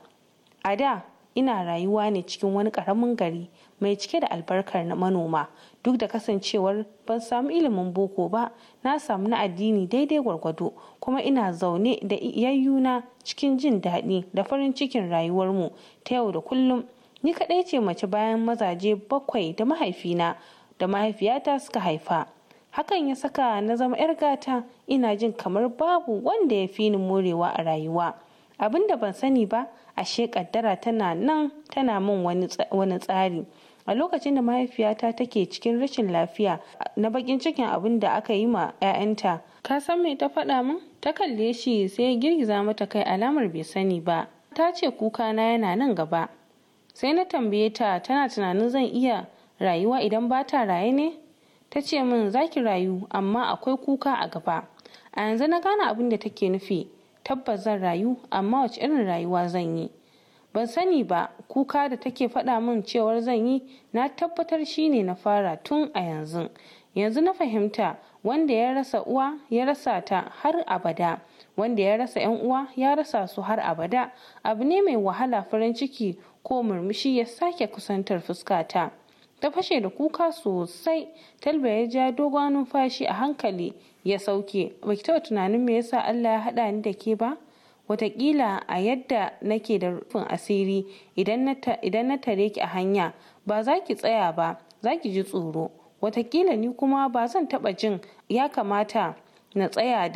a da ina rayuwa ne cikin wani ƙaramin gari mai cike da albarkar na manoma duk da kasancewar ban samu ilimin boko ba na samu na addini daidai gwargwado kuma ina zaune da yayyuna cikin jin daɗi da farin cikin rayuwarmu ta yau da kullum ni kaɗai ce mace bayan mazaje bakwai da mahaifina da mahaifiyata suka haifa hakan ya saka na zama 'yar gata ina jin kamar babu wanda ya fi ni morewa a rayuwa abin da ban sani ba ashe kaddara tana nan tana min wani tsari a lokacin da mahaifiyata take cikin rashin lafiya na bakin cikin abin da aka yi ma 'ya'yanta ka san me ta faɗa min ta kalle shi sai ya girgiza mata kai alamar bai sani ba ta ce kuka na yana nan gaba sai na tambaye ta tana tunanin zan iya rayuwa idan ba ta raye ne ta ce min za ki rayu amma akwai kuka a gaba a yanzu na gane abin da take nufi tabbas zan rayu amma wace irin rayuwa zan yi ban sani ba kuka da take faɗa min cewar zan yi na tabbatar shine na fara tun a yanzu yanzu na fahimta wanda ya rasa uwa ya rasa ta har abada wanda ya rasa yan uwa ya rasa su har abada abu ne mai wahala farin ciki ko murmushi ya sake kusantar fuskata ta fashe da kuka sosai talba ya ja dogon numfashi a hankali ya sauke baki taɓa tunanin me yasa allah ya haɗa ni da ke ba watakila a yadda nake da rufin asiri idan na tare ki a hanya ba za ki tsaya ba za ki ji tsoro watakila ni kuma ba zan taɓa jin ya kamata na tsayar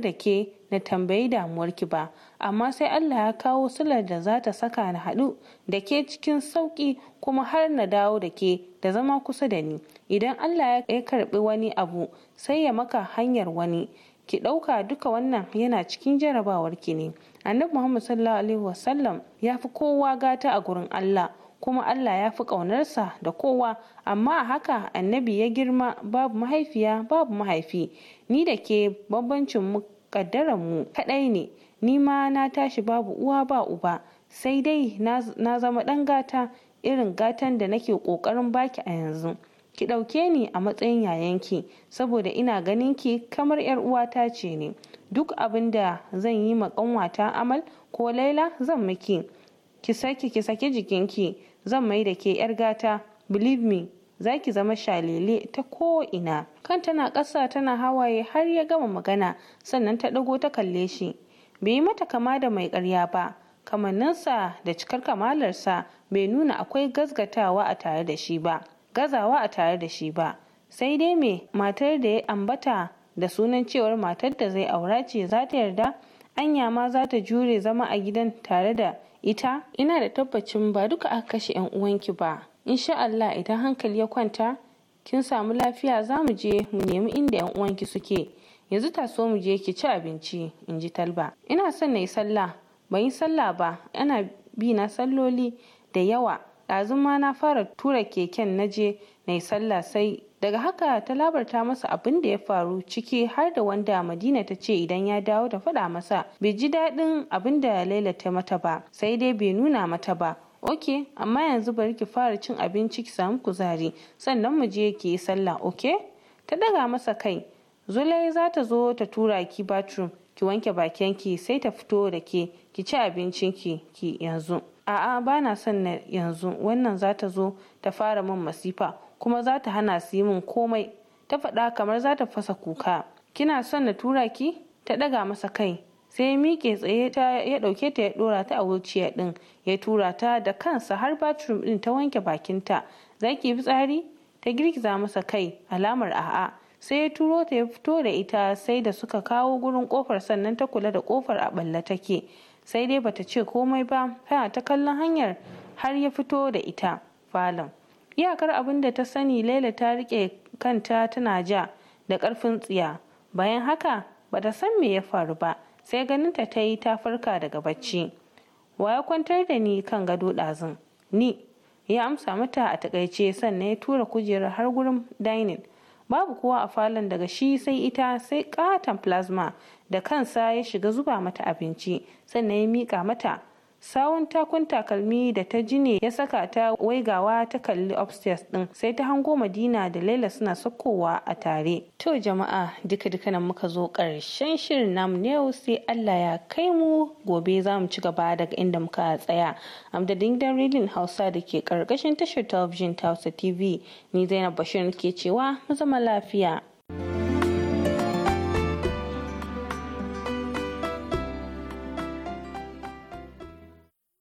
da ke na tambayi damuwarki ba amma sai Allah ya kawo sular da za ta saka na haɗu da ke cikin sauƙi kuma har na dawo da ke da zama kusa da ni idan Allah ya karɓi wani abu sai ya maka hanyar wani ki ɗauka duka wannan yana cikin jarabawarki ne annabi muhammad sallallahu alaihi wasallam ya fi kowa gata a gurin Allah kuma Allah ya fi ƙaunarsa da kowa amma a haka annabi ya girma babu mahaifiya babu mahaifi ni da ke bambancin mu mu kaɗai ne ni ma na tashi babu uwa ba uba sai dai na zama ɗan gata irin gatan da nake ƙoƙarin baki a yanzu ki ɗauke ni a matsayin yayanki saboda ina ganin ki kamar 'yar uwata ce ne duk abin da zan yi ma ƙanwata amal ko laila zan miki ki sake ki sake jikinki zan mai da ke 'yar gata believe me za ki zama shalele ta ko'ina kan tana ƙasa tana hawaye har ya gama magana sannan ta ɗago ta kalle shi bai yi mata kama da mai ƙarya ba kamanninsa da cikar kamalarsa bai nuna akwai gazgatawa a tare da shi ba gazawa a tare da shi ba sai dai me matar da ya ambata da sunan cewar matar da zai aura ce za ta yarda anya ma za ta jure zama a gidan tare da ita ina da tabbacin ba duka aka kashe yan uwanki ba insha Allah idan hankali ya kwanta kin samu lafiya za mu je mu nemi inda yan uwanki suke yanzu ta so mu je ki ci abinci in ji talba ina son na yi sallah ban yi sallah ba ana bi na salloli da yawa ɗazun ma na fara tura keken na je na yi sallah sai daga haka ta labarta masa abin da ya faru ciki har da wanda madina ta ce idan ya dawo da faɗa masa bai ji daɗin abin da laila ta mata ba sai dai bai nuna mata ba ok amma yanzu bari ki fara cin abinci ki samu kuzari sannan mu je ki yi sallah ok ta daga masa kai zulai za ta zo ta tura ki bathroom ki wanke bakinki sai ta fito da ke ki ci abincin ki yanzu a'a bana son na yanzu wannan za ta zo ta fara min masifa kuma za ta hana su yi min komai ta faɗa kamar za ta fasa kuka kina son na tura ki ta ɗaga masa kai sai ya miƙe tsaye ta ya ɗauke ta ya ɗora ta a wuciya ɗin ya tura ta da kansa har bathroom ɗin ta wanke bakinta za ki bi tsari ta girgiza masa kai alamar a'a sai ya turo ta ya fito da ita sai da suka kawo gurin kofar sannan ta kula da kofar a balla take sai dai bata ce komai ba tana ta kallon hanyar har ya fito da ita falon iyakar abin da ta sani laila ta rike kanta tana ja da karfin tsiya bayan haka bata san me ya faru ba sai ganinta ta yi ta farka daga bacci wa ya kwantar da ni kan gado ɗazun ni ya amsa mata a takaice sannan ya tura kujerar har gurin dining babu kowa a falon daga shi sai ita sai katon plasma da kansa ya shiga zuba mata abinci sannan ya miƙa mata sawun takun takalmi da ta jine ya saka ta waigawa ta kalli upstairs din sai ta hango madina da laila suna sakowa a tare to jama'a duka duka nan muka zo karshen shirin namu ne sai allah ya kai mu gobe za mu ci gaba daga inda muka tsaya amdadin gidan rediyon hausa da ke karkashin tashar talabijin ta hausa tv ni zainab bashir ke cewa mu zama lafiya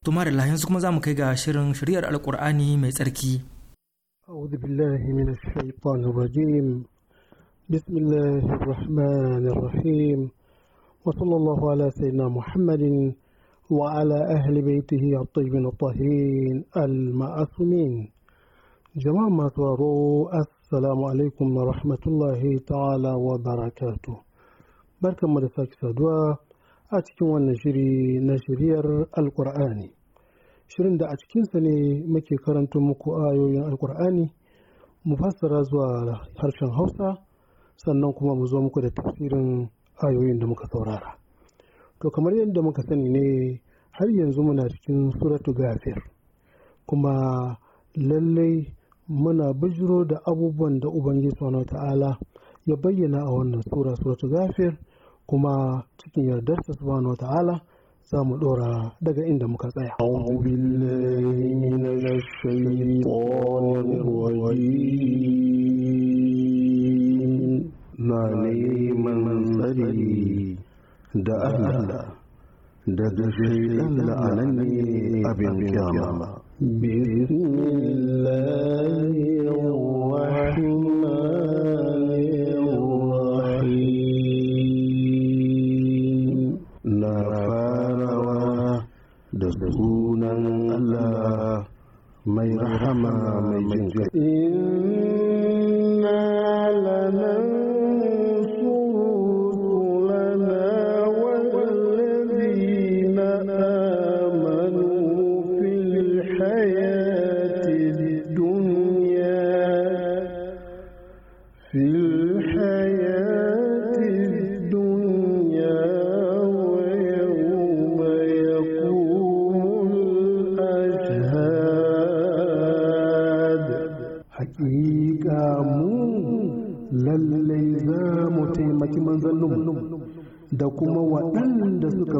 tumarila yanzu kuma za mu kai ga shirin shari'ar alkur'ani mai tsarki أعوذ بالله من الشيطان الرجيم بسم الله الرحمن الرحيم وصلى الله على سيدنا محمد وعلى أهل بيته الطيبين الطاهرين المعصومين جماعة مطورو السلام عليكم ورحمة الله تعالى وبركاته بركة مرساك سادوا a cikin wannan shiri na shiriyar alkur'ani shirin da a cikinsa ne muke karanta muku ayoyin alkur'ani mu fassara zuwa harshen hausa sannan kuma mu zo muku da tafsirin ayoyin da muka saurara to kamar yadda muka sani ne har yanzu muna cikin suratu gafir kuma lallai muna bijiro da abubuwan da ubangiji subhanahu ta'ala ya bayyana a wannan sura suratu gafir kuma cikin yardar yardarsa subhanahu wata'ala za mu dora daga inda muka tsaya. Na neman tsari da Allah daga shaidan la'anan ne abin kyama. Bismillahirrahmanirrahim. mai rahama mai jin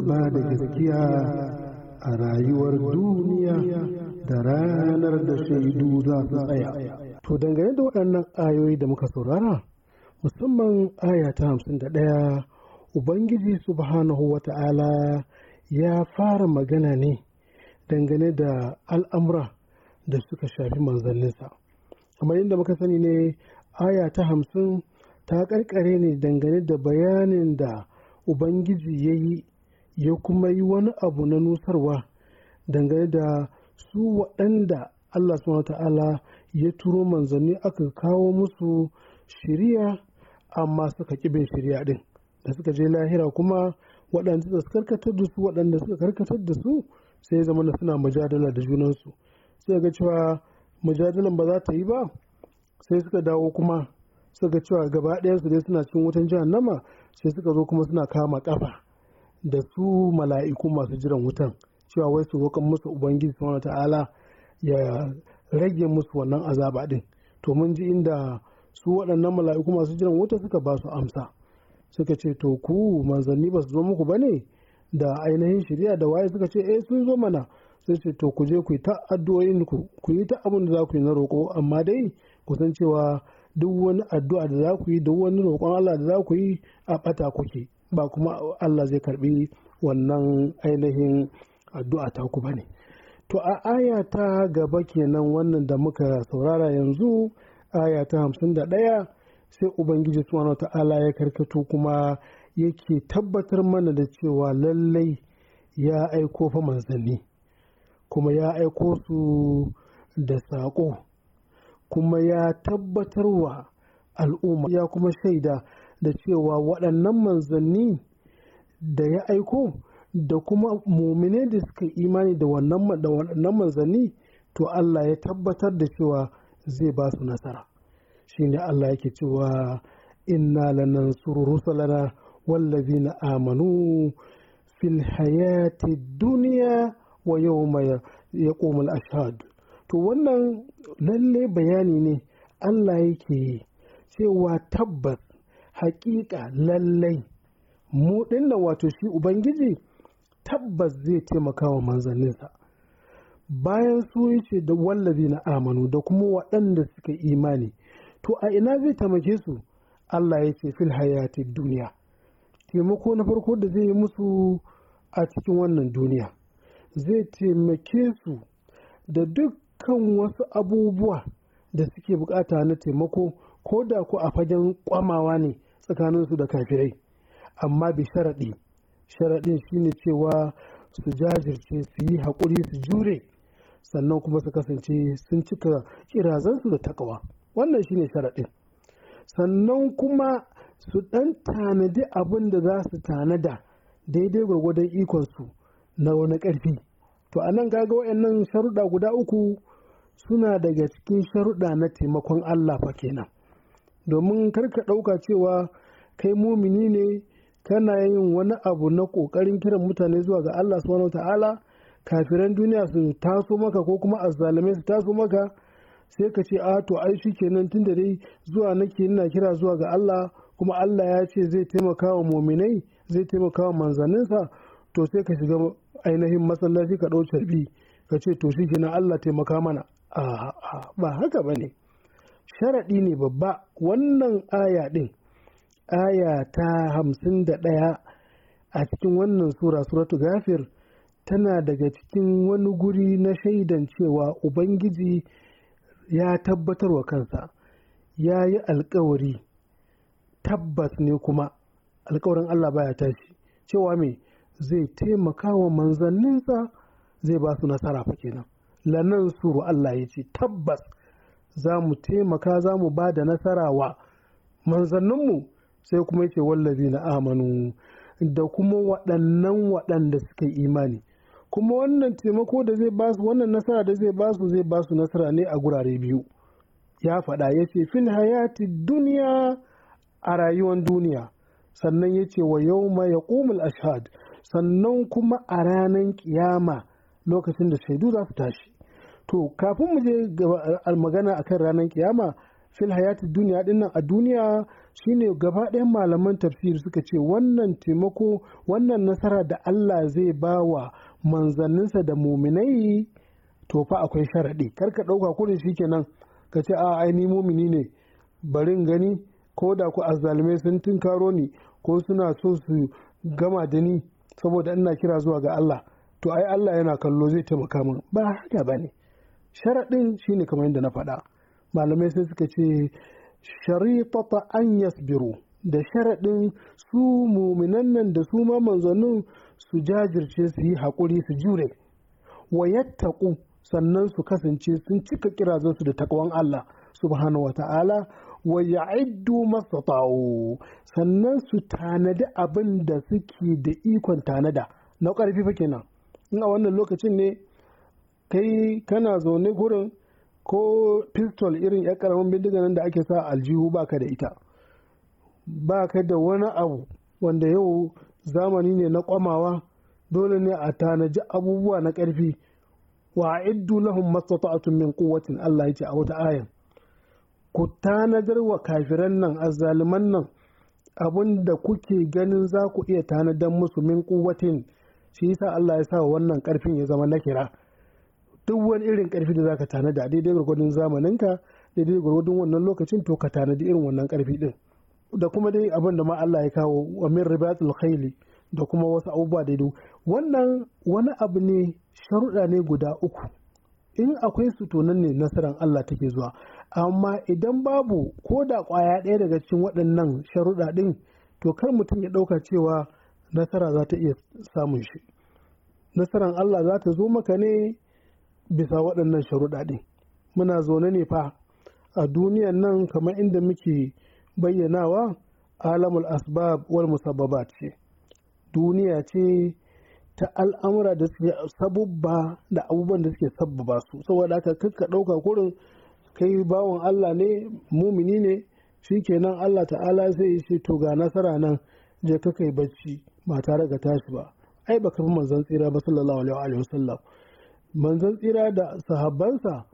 suka ba da gaskiya a rayuwar duniya da ranar da shaidu za su tsaya. To dangane da waɗannan ayoyi da muka saurara, musamman aya hamsin da ɗaya, Ubangiji subhanahu wa ta'ala ya fara magana ne dangane da al'amura da suka shafi manzanninsa. Kamar yadda muka sani ne, aya ta hamsin ta ƙarƙare ne dangane da bayanin da Ubangiji ya yi ya kuma yi wani abu na nusarwa dangane da su waɗanda Allah subhanahu ta'ala ya turo manzanni aka kawo musu shiriya amma suka kibin shiriya ɗin da suka je lahira kuma waɗanda suka karkatar da su waɗanda suka karkatar da su sai zama da suna mujadala da junansu sai ga cewa mujadalan ba za ta yi ba sai suka dawo kuma suka cewa gaba ɗayansu dai suna cikin wutan nama sai suka zo kuma suna kama kafa da su mala'iku masu jiran wutan cewa wai su wakan musu ubangiji subhanahu ta'ala ya rage musu wannan azaba din to mun ji inda su waɗannan mala'iku masu jiran wuta suka ba su amsa suka ce to ku manzanni ba su zo muku ba ne da ainihin shirya da waye suka ce eh sun zo mana sai ce to ku je ku yi ta addu'o'in ku ku yi ta abin da za ku yi na roƙo amma dai ku san cewa duk wani addu'a da za ku yi duk wani roƙon Allah da za ku yi a ɓata kuke ba kuma Allah zai karbi wannan ainihin addu'a ta ku ne. to a ayata ta gaba kenan wannan da muka saurara yanzu aya ta hamsin da ɗaya sai ubangiji subhanahu ta'ala ya karkato kuma yake tabbatar mana da cewa lallai ya aiko fa manzanni kuma ya aiko su da saƙo kuma ya tabbatarwa al'umma ya kuma shaida da cewa waɗannan manzanni da ya aiko da kuma muminai da suka imani da wannan manzanni to Allah ya tabbatar da cewa zai ba su nasara shine Allah yake cewa inna lanansuru rusulana na amanu fil hayati duniya wa ya yaqumul ashhad to wannan lalle bayani ne Allah yake cewa tabbas haƙiƙa lallai mu ɗinda wato shi ubangiji tabbas zai taimaka wa manzanninsa bayan su yi ce da wallazi na amanu da kuma waɗanda suka imani to a ina zai taimake su Allah ya ce fil hayati duniya taimako na farko da zai yi musu a cikin wannan duniya zai taimake su da dukkan wasu abubuwa da suke bukata na taimako ko da ku a fagen kwamawa ne tsakaninsu da kafirai amma bi sharaɗi sharaɗin shine cewa su jajirce su yi haƙuri su jure sannan kuma su kasance sun cika kirazansu da takawa wannan shine sharaɗin sannan kuma su ɗan tanadi abin da za su tanada daidai gwargwadon ikonsu na wani ƙarfi to a nan kaga waɗannan sharuɗa guda uku suna daga cikin sharuɗa na taimakon allah fa kenan domin karka ɗauka cewa kai mumini ne kana yin wani abu na ƙoƙarin kiran mutane zuwa ga Allah subhanahu ta'ala kafiran duniya su taso maka ko kuma azzalame su taso maka sai ka ce a ah, to ai kenan tun da dai zuwa nake ina kira zuwa ga Allah kuma Allah ya ce zai taimaka wa muminai zai taimaka wa manzaninsa? to sai ka shiga ainihin masallaci ka ɗau carbi ka ce to kenan Allah taimaka mana a ba haka bane sharaɗi ne babba wannan aya ɗin aya ta hamsin da ɗaya a cikin wannan sura suratu gafir tana daga cikin wani guri na shaidan cewa ubangiji ya tabbatar wa kansa ya yi alkawari tabbas ne kuma alkawarin allah baya tashi cewa me zai taimaka wa manzanninsa zai ba su nasara fa kenan lanan suru allah ya ce tabbas za mu taimaka za mu ba da nasara wa manzanninmu sai kuma yake wallabi na amanu da kuma waɗannan waɗanda suka yi imani kuma wannan taimako da zai ba su wannan nasara da zai ba su zai ba su nasara ne a gurare biyu ya faɗa ya ce fil hayati duniya a rayuwar duniya sannan ya ce wa yau ma ya ashad sannan kuma a ranar ƙiyama. lokacin da shaidu za su tashi to kafin mu je gaba magana akan ranar kiyama fil hayati duniya dinnan a duniya shine gaba ɗayan malaman tafsir suka ce wannan taimako wannan nasara da Allah zai ba wa manzanninsa da muminai to fa akwai sharaɗi kar ka ɗauka kurin shikenan ka ce a ai ni mumini ne barin gani ko da ku azzalumai sun tunkaro ni ko suna so su gama da ni saboda ina kira zuwa ga Allah to ai Allah yana kallo zai taimaka min ba haka bane sharaɗin shine kamar yadda na faɗa malamai sai suka ce shari'ata an yasbiru da sharaɗin su muminan nan da su ma manzannin su jajirce su yi haƙuri su jure wa yattaqu sannan su kasance sun cika su da taƙwan Allah subhanahu wa ta'ala wa ya'iddu mastata'u sannan su tanadi abin da suke da ikon tanada na ƙarfi fa kenan in a wannan lokacin ne kai kana zaune gurin ko pistol irin ya karamin bindiga nan da ake sa aljihu baka da ita baka da wani abu wanda yau zamani ne na kwamawa dole ne a tanaji abubuwa na ƙarfi wa iddu lahum mastata'atun min quwwatin Allah yace a wata ayan ku tanadar wa kafiran nan azzaliman nan abin da kuke ganin za ku iya tanadar musu min quwwatin shi yasa Allah ya sa wannan karfin ya zama nakira duk wani irin karfi da zaka tanada daidai gwargwadon zamaninka daidai gwargwadon wannan lokacin to ka tanadi irin wannan karfi din da kuma dai abin da ma Allah ya kawo wa min ribatul khayli da kuma wasu abubuwa daidai wannan wani abu ne sharuɗa ne guda uku in akwai su to nan ne nasarar Allah take zuwa amma idan babu ko da ƙwaya ɗaya daga cikin waɗannan sharuɗa ɗin to kar mutum ya ɗauka cewa nasara za ta iya samun shi nasarar Allah za ta zo maka ne bisa waɗannan sharuɗa ɗin muna zaune ne fa a duniyan nan kamar inda muke bayyanawa alamul asbab wal musabbabat ce duniya ce ta al'amura da suke sabubba da abubuwan da suke sabbaba su saboda haka kakka ɗauka kurin kai bawan Allah ne mumini ne shikenan Allah ta'ala sai ce to ga nasara nan je ka bacci ba tare ga tashi ba ai baka fi manzon tsira ba sallallahu alaihi wa sallam manzon tsira da sahabbansa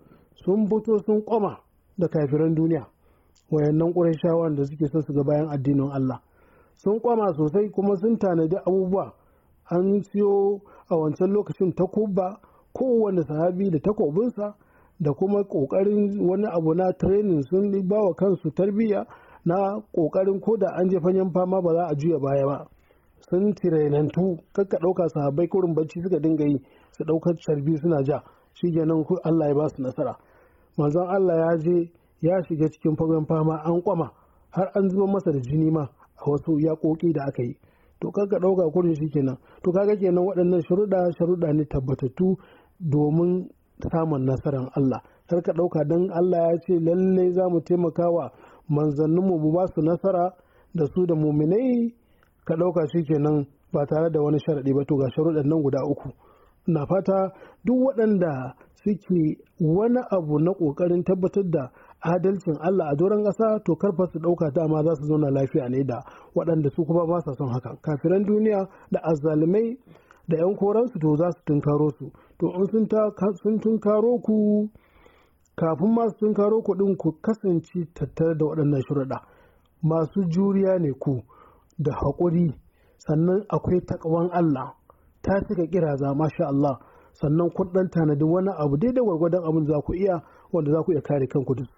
sun fito sun kwama da kafiran duniya wayannan ƙurashawan da suke son su ga bayan addinin Allah sun kwama sosai kuma sun tanadi abubuwa an siyo a wancan lokacin takubba kowane sahabi da takobinsa da kuma ƙoƙarin wani abu na training sun ba wa kansu tarbiyya na ƙoƙarin ko da an je fanyen fama ba za a juya baya ba sun tirenantu kakka ɗauka sahabbai kurin bacci suka dinga yi su ɗaukar carbi suna ja shi nan Allah ya ba su nasara manzon Allah ya je ya shiga cikin fagen fama an kwama har an zuba masa da jini ma a wasu yaƙoƙi da aka yi to kaga ɗauka kurin shi kenan to kaga kenan waɗannan sharuɗa sharuɗa ne tabbatattu domin samun nasarar Allah kar ka ɗauka don Allah ya ce lalle za mu taimaka wa manzanninmu mu ba su nasara da su da muminai ka ɗauka shi kenan ba tare da wani sharaɗi ba to ga sharuɗan nan guda uku na fata duk waɗanda suke wani abu na ƙoƙarin tabbatar da adalcin Allah a doron ƙasa to karfa su ɗauka dama za su zauna lafiya ne da waɗanda su kuma ba sa son haka kafiran duniya da azzalumai da 'yan koransu to za su tunkaro su to in sun tunkaro ku kafin masu tunkaro ku ɗin ku kasance tattare da waɗannan shurɗa masu juriya ne ku da haƙuri sannan akwai takwan Allah ta cika kiraza masha Allah sannan kuɗan tanadin tanadi wani abu daidai gwargwadon abin za ku iya wanda za ku iya kare kanku duk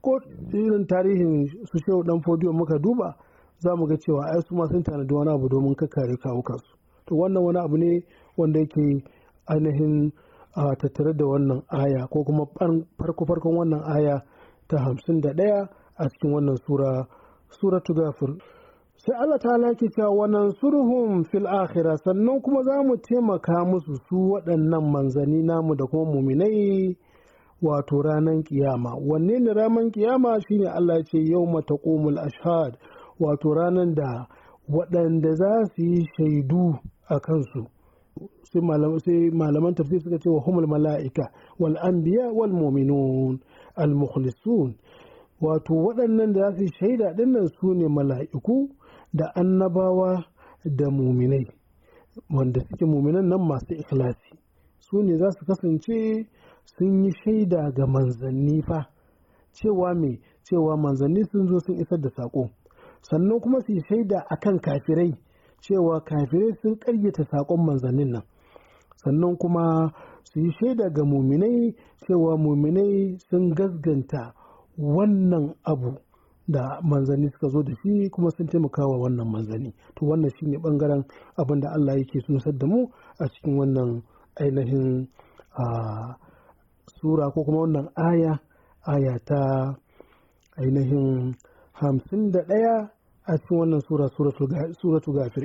ko irin tarihin su shehu dan fodiyo muka duba za mu ga cewa ai su ma sun tanadi wani abu domin ka kare kawo kansu to wannan wani abu ne wanda yake ainihin tattare da wannan aya ko kuma farko farkon wannan aya ta hamsin da ɗaya a cikin wannan sura suratu gafir sai Allah ta laki cewa wannan surhum fil akhira sannan kuma za mu taimaka musu su waɗannan manzani namu da kuma muminai wato ranan kiyama wanne ne ranar kiyama shine Allah ce yau taqumul ashhad wato ranar da waɗanda za su yi shaidu a kansu sai malaman tafsir suka ce wa humul mala'ika wal anbiya wal mu'minun al mukhlisun wato waɗannan da za su yi shaida dinnan su ne mala'iku da annabawa da muminai wanda suke muminan nan masu ikhlasi su ne za su kasance sun yi shaida ga manzanni fa cewa me cewa manzanni sun zo sun isar da saƙo sannan kuma su yi shaida a kan kafirai cewa kafirai sun ƙaryata saƙon manzannin nan sannan kuma su yi shaida ga muminai cewa muminai sun gasganta wannan abu da manzanni suka zo da shi kuma sun taimaka wa wannan manzanni to wannan shine bangaren abin da Allah yake nusar da mu a cikin wannan ainihin sura ko kuma wannan aya aya ta ainihin hamsin da ɗaya a cikin wannan sura suratu gafir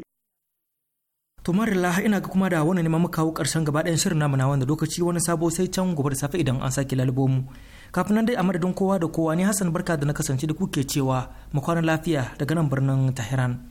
To marilla ina ga kuma da wannan neman muka kawo ƙarshen gaba ɗayan shirin namu na wanda lokaci wani sabo sai can gobe da safe idan an sake lalbomu. mu. kafin nan dai a madadin kowa da kowa ni hassan barka da na kasance da kuke cewa mu kwana lafiya daga nan birnin tehran